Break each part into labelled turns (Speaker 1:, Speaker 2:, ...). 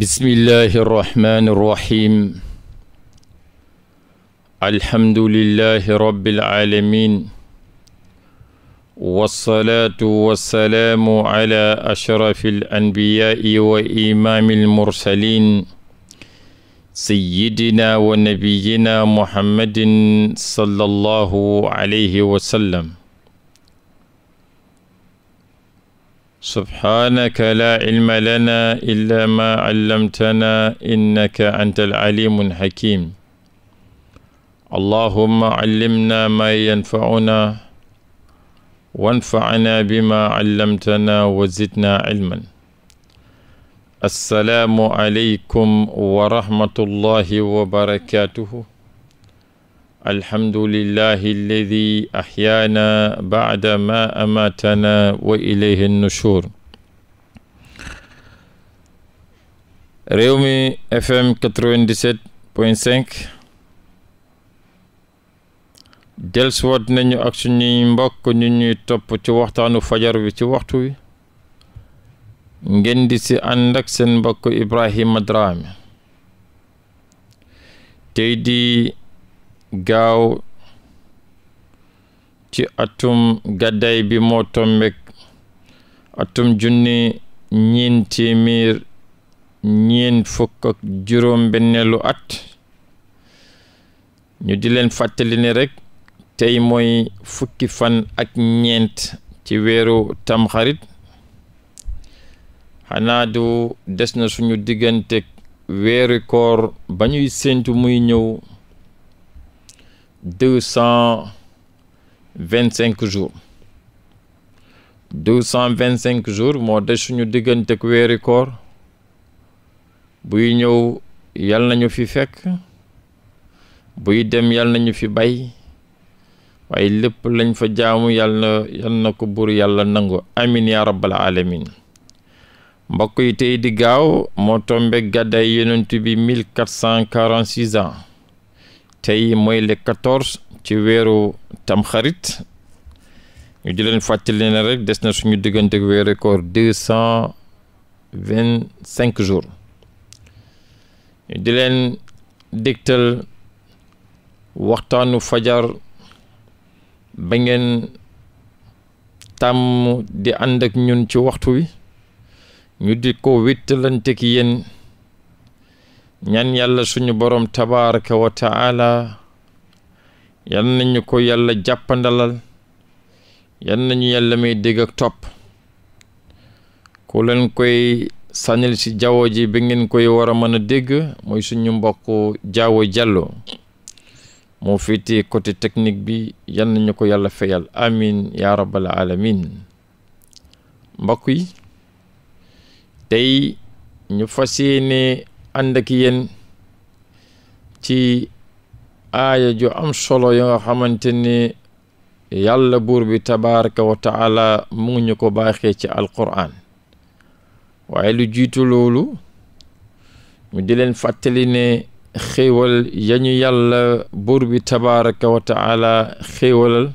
Speaker 1: bismillahi irrahmani irrahim alhamdulillahi rabbil alamin wasalaatu wasalaamu ala ashrafi alanbiyaai wa imaami almursalin sayidina wa nabiyina muhammadin sallallahu alayhi wa sallam subhaanaka laa cilma lana illa ma callamtana innaka anta alcalimu alxakim allahuma callimna maa yanfacunaa wanfacnaa bimaa callamtana wa zidna cilman assalaamu aleykum wa rahmatullahi wa barakatuhu alhamdulillahi alladi ahyaana bacda ma amaatana wa ilayhi nushur Rewmi FM 97.5 dellusiwaat nañu ak suñuy mbokk ñu ñuy ci waxtaanu fajar wi ci waxtu wi ngeen di si ànd ak seen mbokk Ibrahima Drame tey gaaw ci atum gàddaay bi moo tombek atum junni ñeent téeméer fukk ak juróom benneelu at ñu di leen fàttali ne rek tey mooy fukki fan ak ñeent ci weeru tamxarit xanaa du des na suñu diggantek weeri koor ba ñuy séentu muy ñëw deux cent vingt cinq jours deux cent vingt jours moo des suñu diggante ak weeri buy ñëw yal nañu fi fekk buy dem yal nañu fi bay waaye lépp lañ fa jaamu yal na yal na ko buur yàlla nangu amin ya rabbal alamin mbokk yi tey di gaaw moo tombe gàddaay yonent bi mille quatre cent quarante six ans tey mooy le 14 ci weeru tamxarit ñu di leen fàttali ne rek des na suñu diggante ak weeru koor deux cent vingt cinq jours ñu di leen dégtal waxtaanu fajar ba ngeen tàmm di ànd ak ñun ci waxtu wi ñu di ko wéttalante ki yéen ñan yàlla suñu boroom tabaraka wa taala yal nañu ko yàlla jàppandalal yan nañu yàlla may dégg ak topp ku lan koy sànnil ci jaww ji bi ngeen koy war a mën a dégg mooy suñu mbokk jaawo jàllo moo féetee côté technique bi yal nañu ko yàlla fayal amin ya rabbal alamin mbokk yi ñu fas ànd yen ci aaya ju am solo yo nga xamante ni yàlla tabaraka wa mu ñu ko baaxee ci alquran waaye lu jiitu loolu mu di leen fàttali ne xéewal yañu yàlla buur bi tabaraka wa taala xéewalal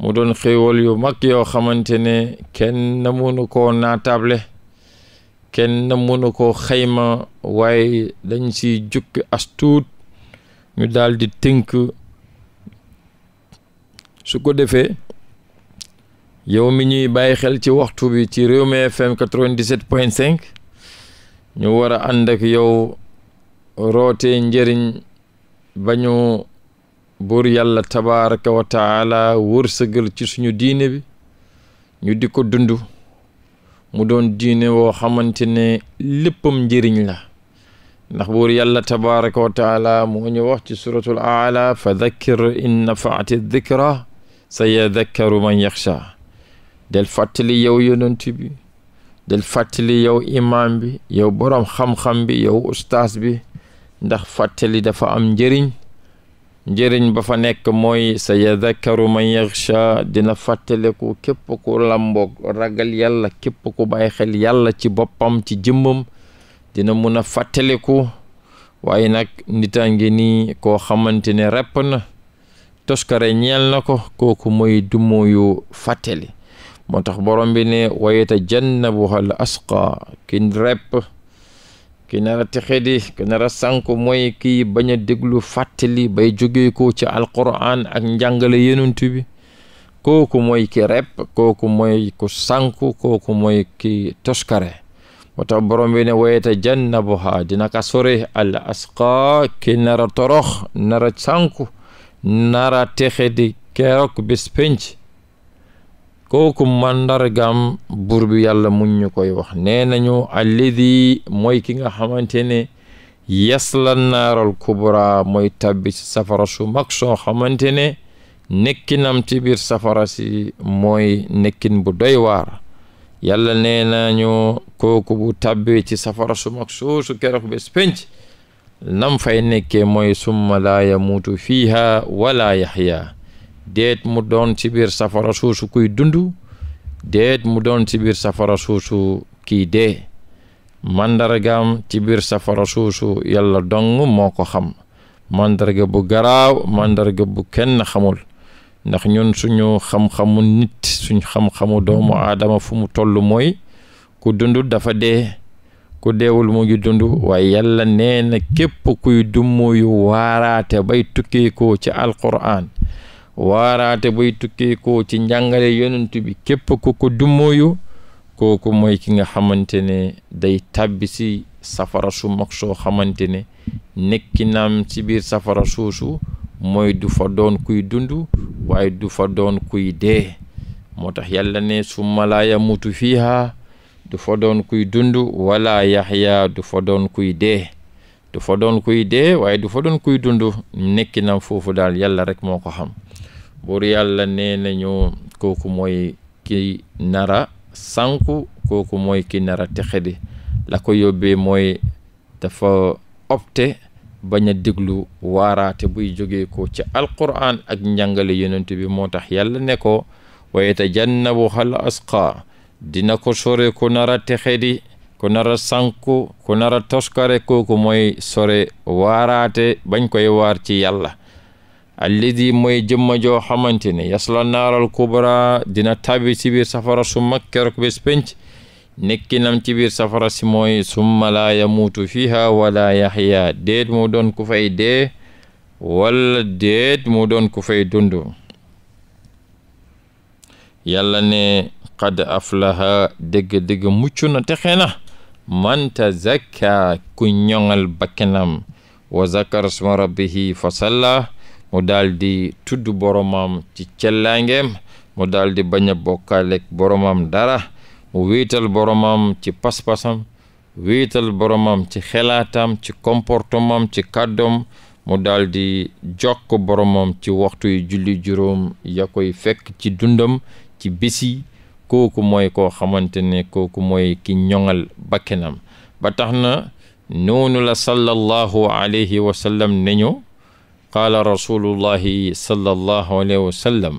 Speaker 1: mu doon xéewal yu mag yoo xamante ne kenn mënu koo naataable kenn mënu ko xayma waaye dañ ci jukki astuut ñu daal di tënk su ko defee yow mi ñuy bàyyi xel ci waxtu bi ci réew Rewmi FM 97.5 ñu war a ànd yow roote njëriñ ba ñu buur yàlla tabaraka wa taala wërsëgal ci suñu diine bi ñu di ko dund mu doon diine woo xamante ne léppam njëriñ la ndax buur yàlla tabaraka wa taala moo ñu wax ci suratul aala fa dakkir in nafaati dikra sa yadakkaru man yaxsha del fàttali yow yonent bi del fàttali yow imaam bi yow borom xam-xam bi yow ustaas bi ndax fàttali dafa am njëriñ njëriñ ba fa nekk mooy sa yadakkaru man yaxsha dina fàttaleku képp ku làmboog ragal yàlla képp ku bàyyi xel yàlla ci boppam ci jëmmam dina mun a fàttaleku waaye nag nitaa ngi nii koo xamante ne repp na toskare ñeel na ko kooku mooy dumóoyu fàtteli moo tax borom bi ne wayeta jannabuhal asqa kin repp ki nar texe di ki nar a sànku mooy kii bañ a déglu fàttali bay jógee ko ci alquran ak njàngale yenent bi kooku moy ki repp kooku moy ku sànku kooku mooy ki toskare moo tax borom bi ne wayete jannabuha dina ka sore al asqa ki nar torox nar a sànku nar texe di keroog bis kooku màndargam buur bi yàlla muñ ñu koy wax nee nañu alladi mooy ki nga xamante ne yasla naaral kubra mooy tabbi safara su mag soo xamante ne nekkinam ci biir safara si mooy nekkin bu doy waar yàlla nee nañu kooku bu tàbbee ci safara su mag soosu keroog bés penc nam fay nekkee mooy summa laa yamuutu fiiha wala yaxya déet mu doon ci biir safara suusu kuy dund déet mu doon ci biir safara suusu kiy dee mandargaam ci biir safara suusu yàlla dong moo ko xam mandarga bu garaaw mandarga bu kenn xamul ndax ñun suñu xam-xamu nit suñu xam-xamu doomu aadama fu mu toll mooy ku dund dafa dee ku deewul mu ngi dund waaye yàlla nee na képp kuy dummuyu waaraate bay tukkeekoo ci alquran waaraate buy tukkee ko ci njàngale yonent bi képp ku ko dummóoyu kooku mooy ki nga xamante ne day tàbbi si safara su mag soo xamante ne nekki naam ci biir safara soosu mooy du fa doon kuy dundu waaye du fa doon kuy dee moo tax yàlla ne summa laa yamutu fiiha du fa doon kuy dund wala yaxya du fa doon kuy dee du doon kuy dee waaye du fa doon kuy dund nekki naam foofu daal yàlla rek moo ko xam buur yàlla nee nañu kooku mooy ki nara sànku kooku mooy ki nara texe di la ko yóbbee mooy dafa opte baña a déglu waaraate buy jógee ko ci alquran ak njàngale yonent bi moo tax yàlla ne ko wa yatajannabuha al asqa dina ko sore ko nara texe di ku nara sànku ku nara toskare kooku mooy sore waraate bañ koy waar ci yàlla alladi mooy jëmma joo xamante ne yasla naaral kubra dina tàbbi ci biir safara su mag keroog bés nekkinam ci biir safara si mooy summa laa yamuutu fiha wala yaxya déet mu doon ku fay dee wala déet mu doon ku fay dund yàlla ne qad aflaha dëgg-dëgg mucc na texe na man tazakka ku ñoŋal wa zakara suma fa salla mu daal tudd boromam ci cellaangeem mu daldi di bañ a bokkaaleeg boromam dara mu wiital boromam ci paspasam wiital boromam ci xelaatam ci comportement ci kàddoom mu daldi di jokk boromam ci waxtu yu julli juróom ya fekk ci dundam ci bisi kooku mooy koo xamante ne kooku mooy ki ñoŋal bakkenam ba tax na noonu la sallallahu alayhi wa sallam qaala rasulullahi sallallahu alayhi wa sallam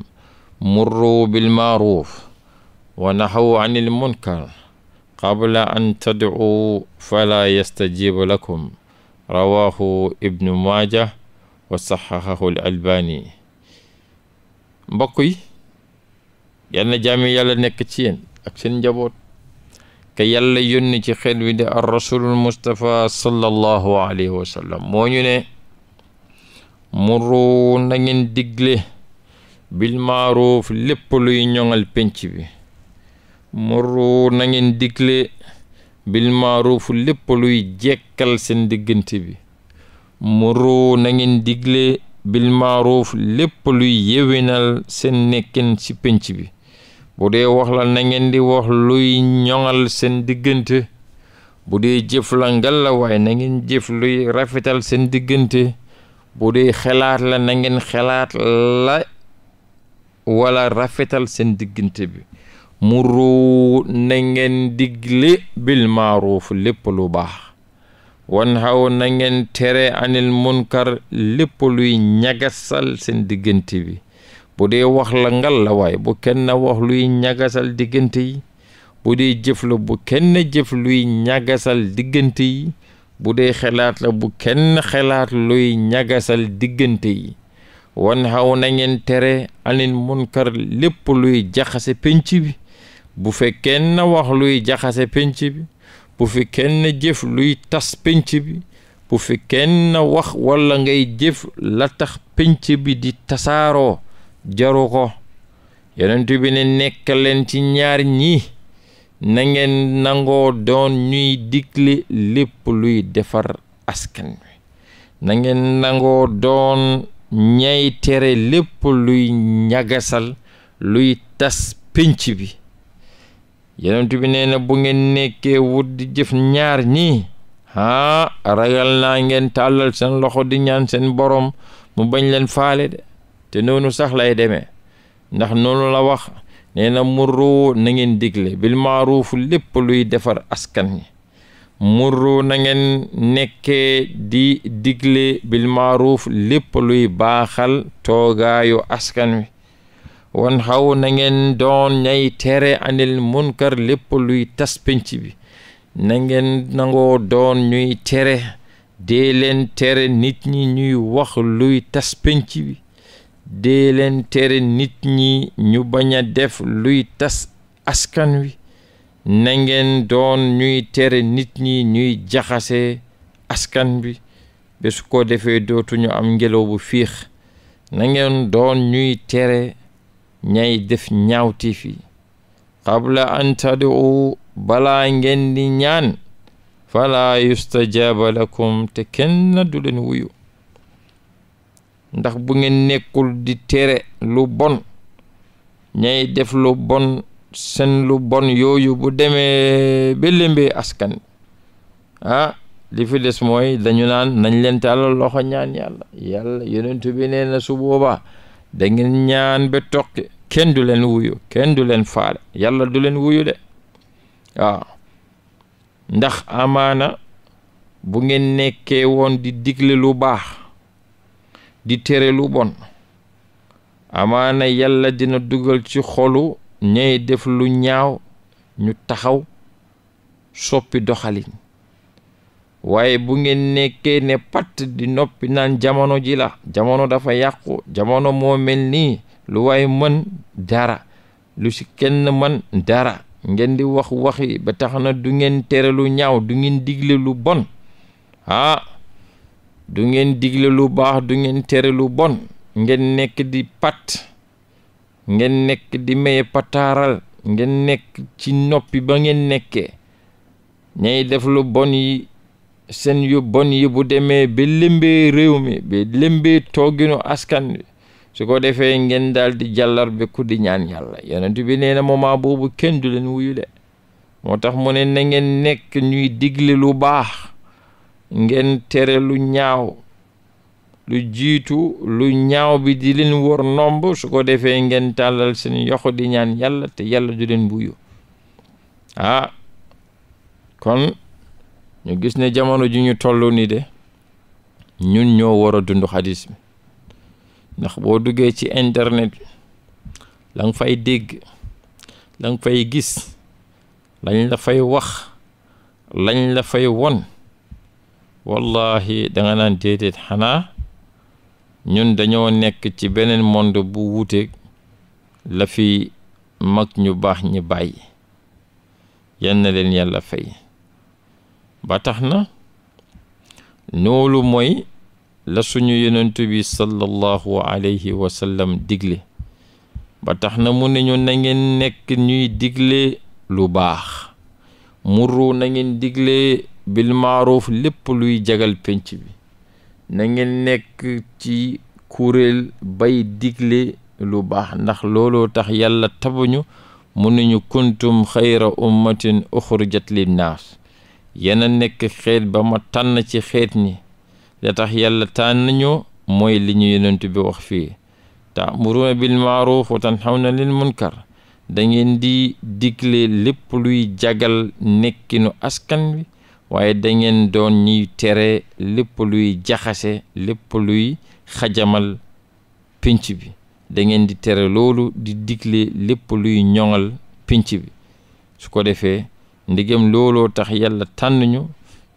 Speaker 1: murru bilmaaruf wa nahaw an il munkar qabla an tad'uu falaa yastajibu lakum rawahu ibnu maaja wa saxahahu l albani mbokk yi yal na jaami yàlla nekk ci yéen ak seen njaboot te yàlla yónni ci xel wi di ar rasulul mustapha sallallahu alayhi wa sallam moo ñu ne muru nangeen digle bil maaruuf lépp luy ñoŋal penc bi muru nangeen digle bil maaruuf lépp luy jekkal seen diggante bi muru na ngeen digle bil maaruuf lépp luy yewinal seen nekkin ci pénc bi bu dee wax la na di wax luy ñoŋal seen diggante bu dee jëf la ngal nangeen jëf luy rafetal seen diggante bu dee xelaat la na ngeen xelaat la wala rafetal seen diggante bi muru na ngeen digle bil maaruf lépp lu baax wan xaw na ngeen tere anil munkar lépp luy ñagasal seen diggante bi bu dee wax la ngal la waay bu kenn wax luy ñagasal diggante yi bu dee jëf la bu kenn jëf luy ñagasal diggante yi bu dee xelaat la bu kenn xelaat luy ñagasal diggante yi wan xaw na ngeen tere anil munkar lépp luy jaxase penc bi bu fi kenn wax luy jaxase penc bi bu fi kenn jëf luy tas penc bu fi kenn wax walla ngay jëf la tax penc bi di tasaaroo jaru ko yonent bi ne nekk leen ci ñaar ñii nangeen nangoo doon ñuy digle lépp luy defar askan wi na nangoo doon ñay tere lépp luy ñagasal luy tas pénc bi yonent bi nee na bu ngeen nekkee wut di jëf ñaar ñii ah ragal naa ngeen tàllal seen loxo di ñaan seen boroom mu bañ leen faale de te noonu sax lay demee ndax noonu la wax nee na murru na ngeen digle bil maaruf lépp luy defar askan wi murru na ngeen nekkee di digle bil maaruf lépp luy baaxal toogaayu askan wi wan xaw na ngeen doon ñay tere anil munkar lépp luy tas penc bi na ngeen nangoo doon ñuy tere dee leen tere nit ñi ñuy wax luy tas penc bi dee leen tere nit ñi ñu bañ a def luy tas askan wi na ngeen doon ñuy tere nit ñi ñuy jaxase askan wi ba su ko defee dootuñu am ngelaw bu fiix na ngeen doon ñuy tere ñay def ñaawti fi qabla an tad'u balaa ngeen di ñaan fala yustajaaba lakum te kenn du leen wuyu ndax bu ngeen nekkul di tere lu bon ñay def lu bon seen lu bon yooyu bu demee ba lembee askan ah li fi des mooy dañu naan nañ leen tàllal loxo ñaan yàlla yàlla yonent bi nee na su boobaa da ngeen ñaan ba toqi kenn du leen wuyu kenn du leen faale yàlla du leen wuyu de waaw ndax amaana bu ngeen nekkee woon di digle lu baax di tere lu bon amaana yàlla dina dugal ci xolu ñey def lu ñaaw ñu taxaw soppi doxalin waaye bu ngeen nekkee ne patt di noppi naan jamono ji la jamono dafa yàqu jamono moo mel nii lu waaye mën dara lu ci kenn mën dara ngeen di wax waxi ba tax na du ngeen tere lu ñaaw du ngeen digle lu bon ah du ngeen digle lu baax du ngeen tere lu bon ngeen nekk di pat ngeen nekk di maye pataaral ngeen nekk ci noppi ba ngeen nekkee ñay def lu bon seen yu bon yi bu demee ba lëmbee réew mi ba lëmbee tooginu askan wi su ko defee ngeen daal di jàllar be ku di ñaan yàlla yonent bi nee na moment boobu kenn du leen wuyu de moo tax mu ne na nekk ñuy digle lu baax ngeen tere lu ñaaw lu jiitu lu ñaaw bi di leen wër nomb su ko defee ngeen tàllal seen yoxo di ñaan yàlla te yàlla du leen buyu ah kon ñu gis ne jamono ju ñu toll ni de ñun ñoo war a dund bi ndax boo duggee ci internet la nga fay dégg la nga fay gis lañ la fay wax lañ la fay won wallahi da nga naan déedéet xanaa ñun dañoo nekk ci beneen monde bu wuute la fi mag ñu baax ñi bàyyi yan leen yàlla fay ba tax na loolu mooy la suñu yonent bi sallallahu alayhi wa sallam digle ba tax na mu ne ñu na ngeen nekk ñuy digle lu baax muru na ngeen digle bil maaruuf lépp luy jagal pénc bi na ngeen nekk ci kuréel bay digle lu baax ndax looloo tax yàlla tabuñu mu nañu kuntum xayra ummatin uxrijat linnaas yéen a nekk xeet ba ma tànn ci xeet ni da tax yàlla tànn ñu mooy li ñu yonent bi wax fii taamuruuna bil maaruf wa tanxawna lil munkar da ngeen di digle lépp luy jagal nekkinu askan wi waaye dangeen doon ñuy tere lépp luy jaxase lépp luy xajamal pinc bi dangeen di tere loolu di digle lépp luy ñoŋal pinc bi su ko defee ndigam looloo tax yàlla tànn ñu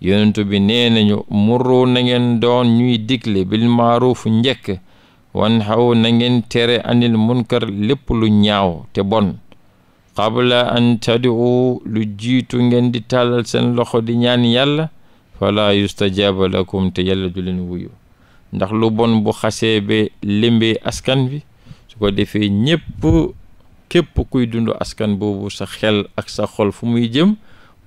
Speaker 1: yonent bi nee nañu muroo na ngeen doon ñuy digle bil maaruuf njëkk wan xaw na ngeen tere anil munkar lépp lu ñaaw te bon qabla an tad'u lu jiitu ngeen di tàllal seen loxo di ñaan yàlla fala yustajaaba lakum te yàlla du leen wuyu ndax lu bon bu xasee be limbee askan bi su ko defee ñépp képp kuy dund askan boobu sa xel ak sa xol fu muy jëm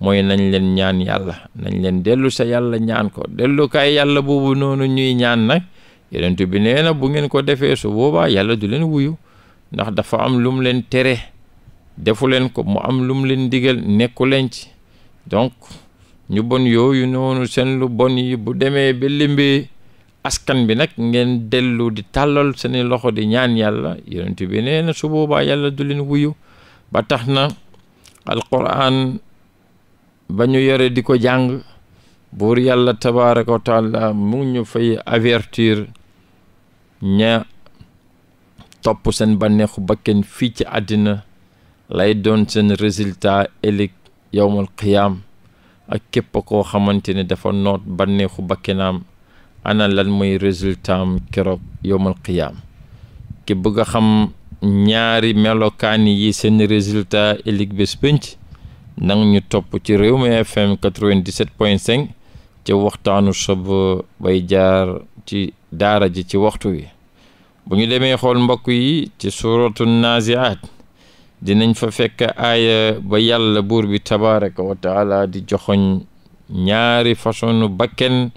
Speaker 1: mooy nañ leen ñaan yàlla nañ leen dellu sa yàlla ñaan ko dellukaay yàlla boobu noonu ñuy ñaan nag yenentu bi nee bu ngeen ko defee su boobaa yàlla du leen wuyu ndax dafa am lum leen tere defu leen ko mu am lum leen digal nekku leen ci donc ñu bon yooyu noonu seen lu bon yi bu demee ba limbee askan bi nag ngeen dellu di tàllal seeni loxo di ñaan yàlla yonent bi nee na su boobaa yàlla du leen wuyu ba tax na alquran ba ñu yore di ko jàng buur yàlla tabaraka wa taala mu ñu fay avertir ña topp seen bànneexu bakken fii ci àddina lay doon seen résultat ëllëg yowmal qiyaam ak képp koo xamante ne dafa noot banneexu bakkanaam ana lan mooy résultat keroog yowmal qiyaam ki bëgg a xam ñaari melokaan yi seen résultat ëllëg bés pénc nang ñu topp ci réew mi FM 97.5 ci waxtaanu suba bay jaar ci daara ji ci waxtu wi bu ñu demee xool mbokk yi ci suuratu naziaat dinañ fa fekk aaya ba yàlla buur bi tabaraka wa taala di joxoñ ñaari façonu bakken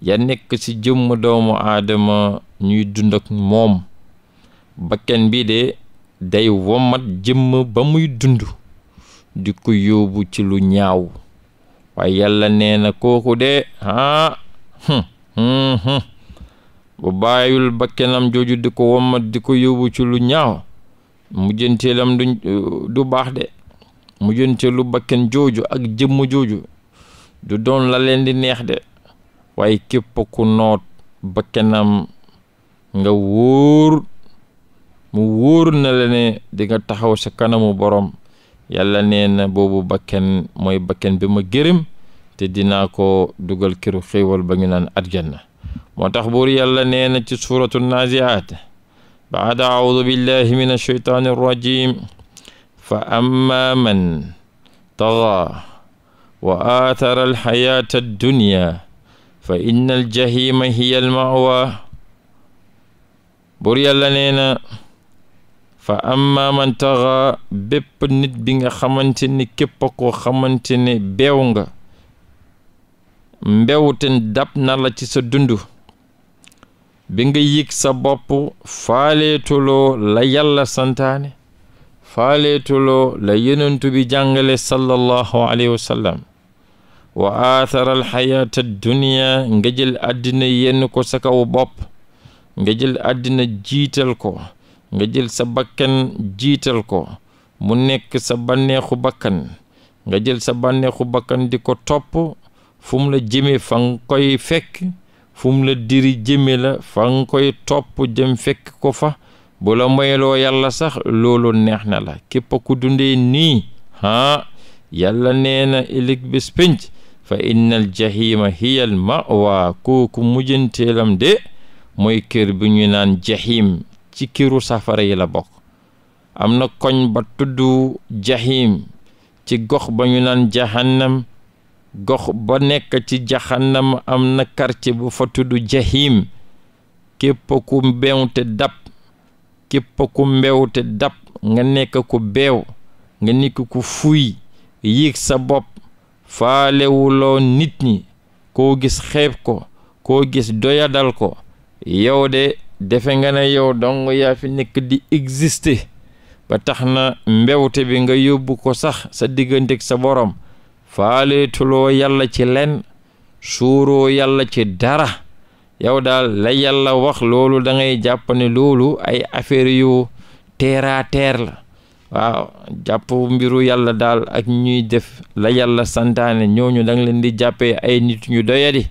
Speaker 1: ya nekk ci jëmm doomu aadama ñuy dund ak moom bakken bi de day womat jëmm ba muy dund di ko yóbbu ci lu ñaaw waaye yàlla nee na kooku de ah, bu bàyyul bakkenam jooju di ko womat di ko yóbbu ci lu ñaaw mujjanteelam du du baax de mujjanteelu bakken jooju ak jëmm jooju du doon la leen di neex de waaye képp ku noot bakkenam nga wóor mu wóor na la ne di taxaw sa kanamu borom yàlla nee na boobu bakken mooy bakken bi ma gërëm te dinaa ko dugal këru xéewal ba ñu naan àjjana moo tax buur yàlla nee ci suuratu naaziaat بعد أعوذ بالله من الشيطان الرجيم فأما من طغى وآثر الحياة الدنيا فإن الجحيم هي المأوى buur yàlla nee na fa amma man taxa bépp nit bi nga xamante ni képp koo xamante ne beew nga mbewten dab ci sa dund bi nga yëg sa bopp faaleetuloo la yàlla santaane faaleetuloo la yenentu bi jàngale sallallahu alayhi wa sallam wa athara alxayaata dunia nga jël àddina yenn ko sa kaw bopp nga jël àddina jiital ko nga jël sa bakkan jiital ko mu nekk sa banneexu bakkan nga jël sa bànneexu bakkan di ko topp fum la jëmee fa nga koy fekk fu la diri jëme la fa koy topp jëm fekk ko fa bu la moyloo yàlla sax loolu neex na la képp ku dundee nii haa yàlla nee na ëllëg bés pénc fa innal jahima hiya al ma'wa kooku mujjanteelam de mooy kër bi ñu naan jahim ci këru safara yi la bokk am na koñ ba tudd jahim ci gox ba ñu naan jahannam gox ba nekk ci jaxannam am na quartier bu fa tudd jahim képp ku mbewte dab képp ku mbewte dab nga nekk ku beew nga nekk ku fuy yig sa bopp faalewuloo nit ñi koo gis xeeb ko koo gis doyadal ko yow de defe nga ne yow dong yaa fi nekk di exister ba tax na mbewte bi nga yóbbu ko sax sa diggante ak sa borom faaleetuloo yàlla ci len suuroo yàlla ci dara yow daal la yàlla wax loolu dangay ngay jàpp ne loolu ay affaire yu teeraa teer la waaw jàpp mbiru yàlla daal ak ñuy def la yàlla santaane ñooñu da nga leen di jàppee ay nit ñu doyadi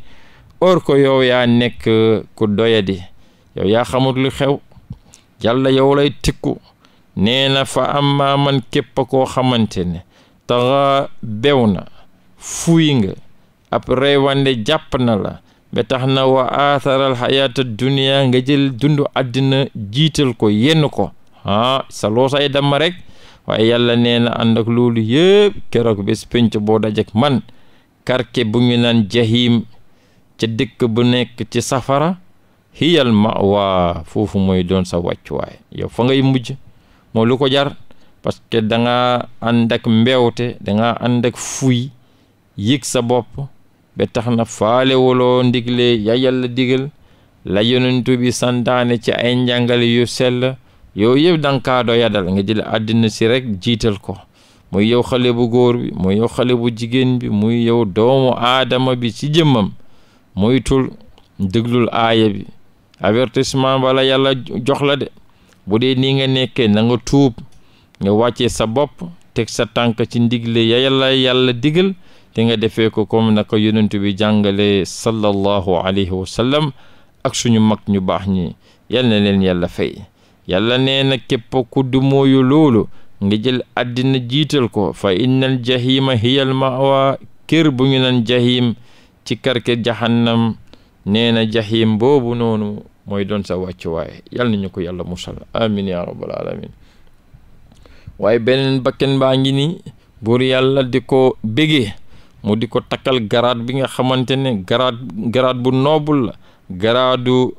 Speaker 1: or ko yaa nekk ko doyadi yow yaa xamut lu xew yàlla yow lay tikku nee na fa amma man képp koo xamante ne taxa bew na fuy nga ab reywande jàpp na la ba tax na wa aatharal xayaata duniya nga jël dundu àddina jiital ko yenn ko ah sa loosa ay damma rek waaye yàlla nee na ànd ak loolu yëpp keroog bés penc boo dajek man karke bu ñu naan jahim ca dëkk bu nekk ci safara hiyal mawaa foofu mooy doon sa wàccuwaay yow fa ngay mujj moo lu ko jar parce que da nga ànd fuy yëg sa bopp ba tax na faalewuloo ndigle ya yàlla digal la yonentu bi santaane ci ay njàngale yu sell yow yëpp danga yadal nga jël àddina si rekk jiital ko muy yow xale bu góor bi muy yow xale jigéen bi muy yow doomu aadama bi ci jëmmam moytul tul déglul aaya bi avertissement bala yàlla jox la de bu dee nii nga nekkee na nga tuub nga wàccee sa bopp teg sa tànk ci ndigle ya yàlla yàlla te nga defee ko comme naka yonent bi jàngale sallallahu alayhi wa sallam ak suñu mag ñu baax ñi yal na leen yàlla fay yàlla nee na képp ku mooyu loolu nga jël àddina jiital ko fa innal jahima hiyal mawa kër bu ñu naan jahim ci karke jahannam nee na jahim boobu noonu mooy doon sa wàccuwaay yal nañu ko yàlla musal amin ya rabbal alamin waaye beneen bakken baa ngi ni buur ko bégee mu di ko takkal garaat bi nga xamante ne garaat bu noobul la garaadu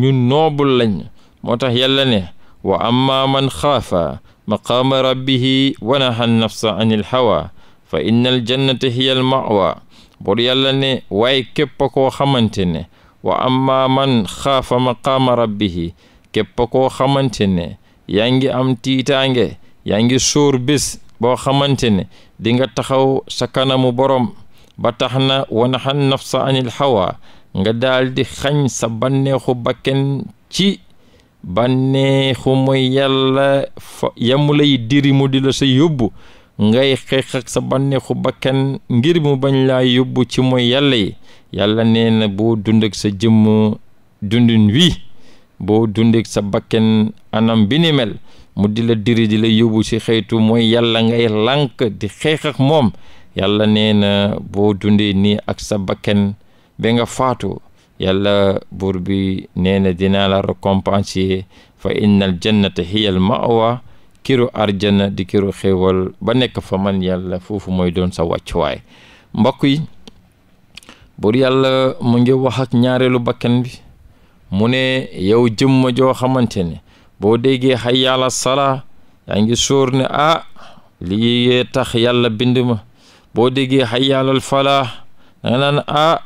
Speaker 1: ñu noobul lañ moo tax yàlla ne wa amma man xaafa maqaama rabbihi wa naha nafsa anil hawa fa innal jannata hiya al mawa bor yàlla ne waaye képp koo xamante ne wa amma man xaafa maqaama rabbihi képp a koo xamante ne yaa ngi am tiitaange yaa ngi sóor bés boo xamante ne dinga taxaw sa kanamu borom ba tax na wanaxan sa anil hawa nga daldi xañ sa banneexu bakken ci bànneexu mooy yàlla fa yamu diri mu di la sa yóbbu ngay xeex sa banneexu bakkan ngir mu bañ laa yóbbu ci mooy yàlla yi yàlla nee na boo dund sa jëmm dundin wi boo dund sa bakkan anam bi mu di la diri di la yóbbu si xëytu mooy yàlla ngay lànk di xeex moom yàlla neena boo dundee nii ak sa bakkan ba nga faatu yàlla buur bi nee na dinaa la récompenser fa innal jannata hiyal ma'wa kiru arjana di kiru xéewal ba nekk fa man yàlla foofu mooy doon sa wàccuwaay mbokk yi buur yàlla mu ngi wax ak ñaareelu bakkan bi mu ne yow jëmma joo xamante ne boo déggee hayya ala salaa yaa ngi sóor ne ah lii tax yàlla bind ma boo déggee hayya alal falaa nga naan ah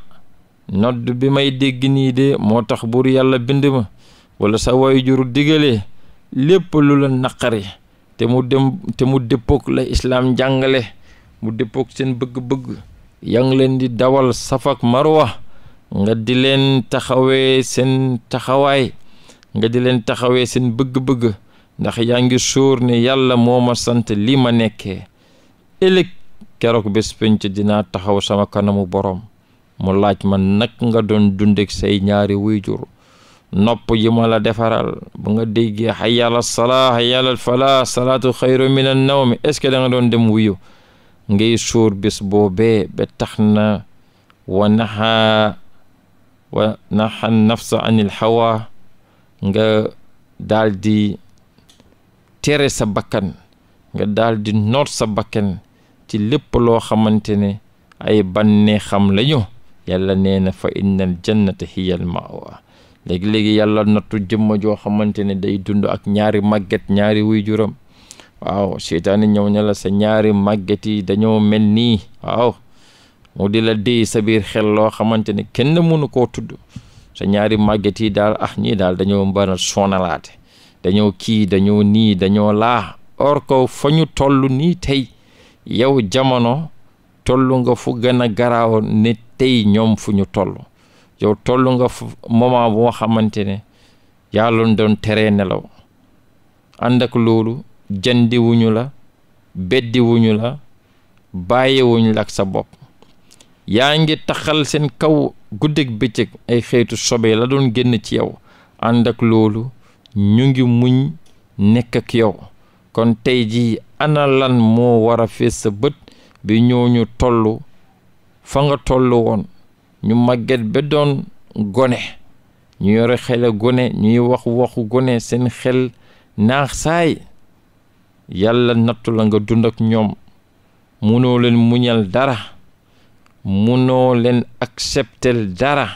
Speaker 1: nodd bi may dégg nii de moo tax buur yàlla bind ma wala sa waajur digalee lépp lu la naqari te mu dem dëppook la islaam jàngale mu dëppook seen bëgg-bëgg yaa ngi leen di dawal safak marwa nga di leen taxawee seen taxawaay nga di leen taxawee seen bëgg-bëgg ndax yaa ngi sóor ne yàlla moo ma sant lii ma nekkee ëllëg kerook bés penc dinaa taxaw sama kanamu borom mu laaj ma nag nga doon dundeek say ñaari wuyjur nopp ji ma la defaral ba nga déggee hayya ala salaa hayya ala falaa salaatu xayru min an nawmi est-ce que da nga doon dem wuyu ngay sóor bés boobee ba tax na wa naxa wa naxa nafsa anil hawa nga daal di tere sa bakkan nga daal di noot sa bakkan ci lépp loo xamante ne ay bannee xam lañu yàlla nee na fa innal jannata hiya al mawa léegi-léegi yàlla nattu jëmm joo xamante ne day dund ak ñaari màgget ñaari wuy juram waaw seytaane ñëw na la sa ñaari màgget yi dañoo mel nii waaw mu di la déy sa biir xel loo xamante ne kenn mënu koo tudd sa ñaari màgget yi daal ah ñii daal dañoo mën a sonalaate dañoo kii dañoo nii dañoo laa or ko fa ñu toll nii tey yow jamono toll nga fu gën a garaaw ne tey ñoom fu ñu toll yow toll nga fu moment boo xamante ne yàlla doon teree nelaw ànd ak loolu jandiwuñu la beddiwuñu la bàyyiwuñu la ak sa bopp yaa ngi taxal seen kaw guddeeg bëccëg ay xeetu sobe la doon génn ci yow ànd ak loolu ñu ngi muñ nekk ak yow kon tey jii ana lan moo war a fees sa bët bi ñoo ñu tollu fa nga toll woon ñu màgget ba doon gone ñu yor xele gone ñuy wax waxu gone seen xel naax saay yàlla nattu la nga dund ak ñoom munoo leen muñal dara munoo leen acceptel dara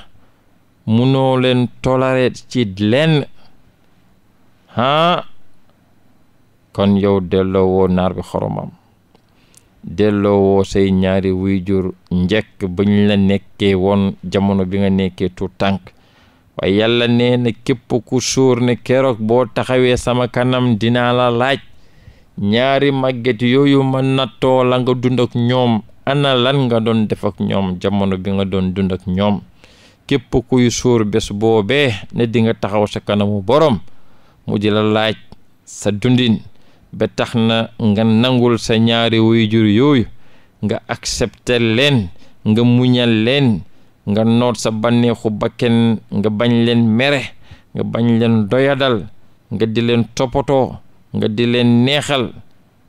Speaker 1: munoo leen toléré ci lenn ah kon yow delloo woo naar bi xoromam delloo woo say ñaari wuyjur njëkk bañ la nekkee woon jamono bi nga nekkee tuut tànk waaye yàlla nee na képp ku suur ne keroog boo taxawee sama kanam dinaa la laaj ñaari màgget yooyu ma nattoo la nga dund ñoom ana lan nga doon def ak ñoom jamono bi nga doon dund ak ñoom képp kuy suur bés boobee ne dinga taxaw sa kanamu borom mu di la laaj sa dundin ba tax na nga nangul sa ñaari waajur yooyu nga accepter leen nga muñal leen nga noot sa bànneexu bakken nga bañ leen mere nga bañ leen doyadal nga di leen toppatoo nga di leen neexal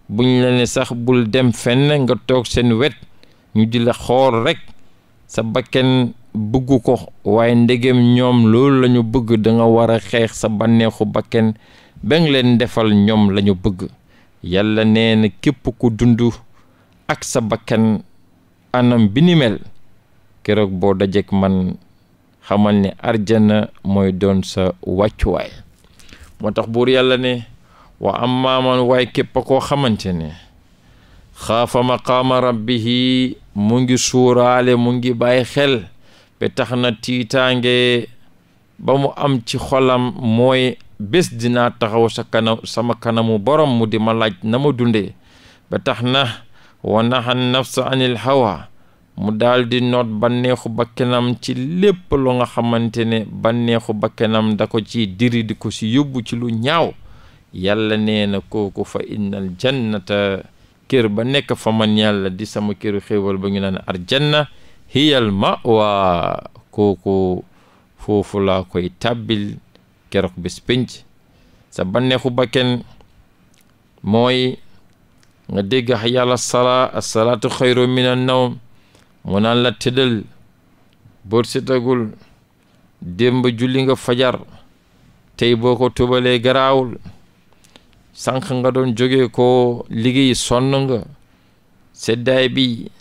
Speaker 1: buñ la ne sax bul dem fenn nga toog seen wet ñu di la xool rekk sa bakken bëggu ko waaye ndegem ñoom loolu lañu bëgg danga nga war a xeex sa bànneexu bakken ba nga leen defal ñoom lañu bëgg yàlla nee na képp ku dund ak sa bakkan anam bi ni mel keroog boo dajek man xamal ni arjana mooy doon sa wàccuwaay moo tax buur yàlla ne wa amma man waaye képp koo xamante ne xaafa maqaama rabbihi mu ngi suuraale mu ngi bàyyi xel ba tax na tiitaange ba mu am ci xolam mooy bés dinaa taxaw sama kanamu borom mu di ma laaj na ma dundee tax na wa naxa nafsa anil hawa mu daldi noot banneexu bakkenam ci lépp lu nga xamante ne banneexu bakkenam da ko ci diridi ko ci yóbbu ci lu ñaaw yàlla neena na kooku fa innal jannata kër ba nekk fa man di sama këru xéewal ba ñu naan arjanna hiyal ma waa kooku foofu laa koy tàbbil keroog bés pénc sa banneexu bakken mooy nga dégg yàlla sala asalaatu xayru mina nawm mu naan la tëddal bët setagul démb fajar tey boo ko tubalee garaawul sànq nga doon jóge ko liggéey sonn nga seddaay bi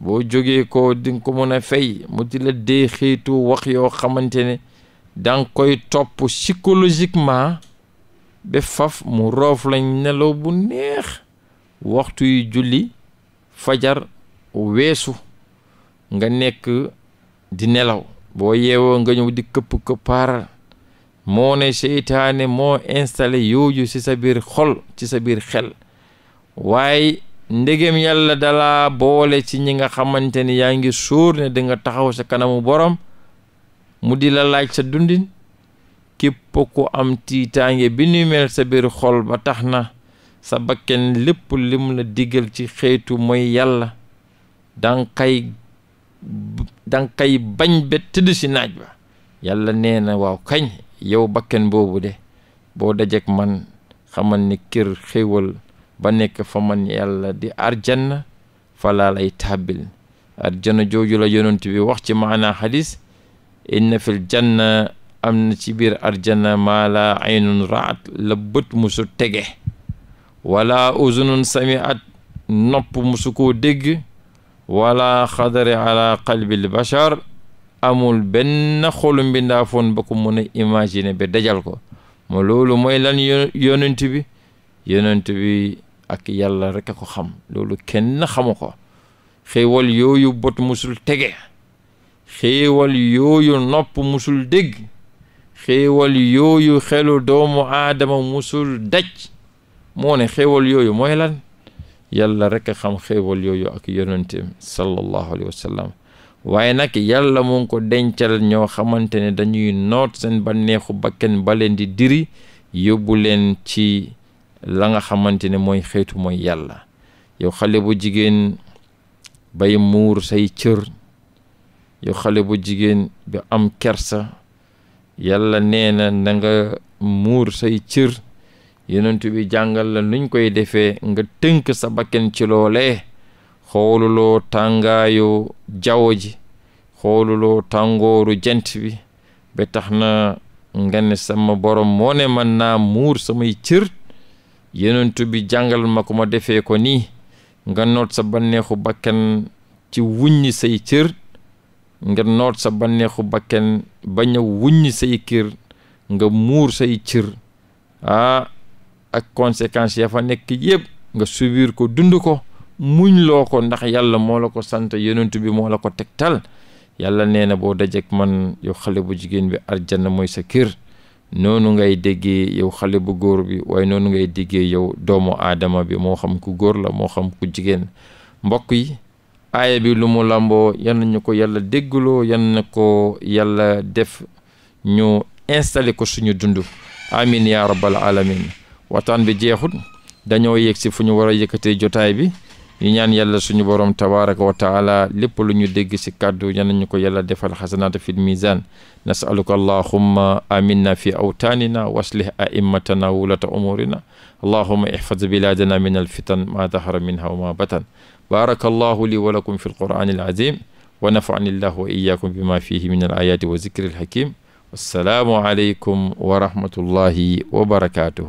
Speaker 1: boo jógee ko di nga ko mën a fay mu di la dee xeetu wax yoo xamante ne danga koy topp psychologiquement ba faf mu roof lañ nelaw bu neex waxtu yu julli fajar weesu nga nekk di nelaw boo yeewoo nga ñëw di këpp këppaaral moo ne seytaane moo installé yooju ci sa biir xol ci sa biir xel waaye ndegem yàlla dalaa boole ci ñi nga xamante ni yaa ngi suur ne dinga taxaw sa kanamu borom mu di la laaj sa dundin képp ku am tiitaange bi nu mel sa biir xol ba tax na sa bakken lépp lim la digal ci xeetu mooy yàlla danga kay bañ ba tëdd ci naaj ba yàlla nee na waaw kañ yow bakken boobu de boo dajeek man xamal ni kër xéewal ba nekk fa man di arjanna fa laa lay tàbbil arjanna jooju la yonent bi wax ci maanaa xadis inna fil janna am na ci biir arjanna maa laa aynun raat la musu tege wala uzunun samiat nopp musu koo dégg wala xadari ala qalbil bashar amul benn xolu mbindaafoon ba ko mën imagine imaginer dajal ko ma loolu mooy lan yonent bi yonent bi ak yàlla rek ko xam loolu kenn xamu ko xéewal yooyu bot musul tege xéewal yooyu nopp musul dégg xéewal yooyu xelu doomu aadama musul daj moo ne xéewal yooyu mooy lan yàlla rek a xam xéewal yooyu ak yonenteem sallallahu alayhi wa waaye nag yàlla mu ko dencal ñoo xamante ne dañuy noot seen banneexu bakken ba leen di diri yóbbu leen ci la nga xamante ne mooy xeetu mooy yàlla yow xale bu jigéen bay muur say cër yow xale bu jigéen bi am kersa yàlla nee na na nga muur say cër yonent bi jàngal la luñ koy defee nga tënk sa bakken ci loole howluloo tàngaayu jaww ji howluloo tàngooru jant bi ba tax na nga ne sama borom moone man naa muur samay cër yonent bi jàngal ma ko ma defee ko nii nga noot sa banneexu bakken ci wuññi say cër nga noot sa banneexu bakken bañ a wuññi say kër nga muur say cër ah ak conséquences ya fa nekk yëpp nga subir ko dund ko muñ loo ko ndax yàlla moo la ko sant yonent bi moo la ko tegtal yàlla nee na boo dajeek man yow xale bu jigéen bi arjana mooy sa kër noonu ngay déggee yow xale bu góor bi waaye noonu ngay déggee yow doomu aadama bi moo xam ku góor la moo xam ku jigéen mbokk yi aaya bi lu mu làmboo yan nañu ko yàlla déggloo yan na ko yàlla def ñu installé ko suñu dund amin ya rabbal alamin waxtaan bi jeexut dañoo yegg si fu ñu war a yëkkatee jotaay bi ñu ñaan yàlla suñu borom tabaraka wa taala lépp lu ñu dégg si kàddu yal nañu ko yàlla defal xasanaata fi lmizan nasaluka allahumma aminna fi awtaanina wa aslih aimmatana wulata umurina allahumma ihfaz biladana min alfitan ma dahara minha wa ma batan baraka allahu li wa lakum fi alqur'ani alazim wa nafani llah wa iyakum bima fihi min alayati wa zikri alhakim wassalaamu aleykum wa rahmatullahi wa barakatuhu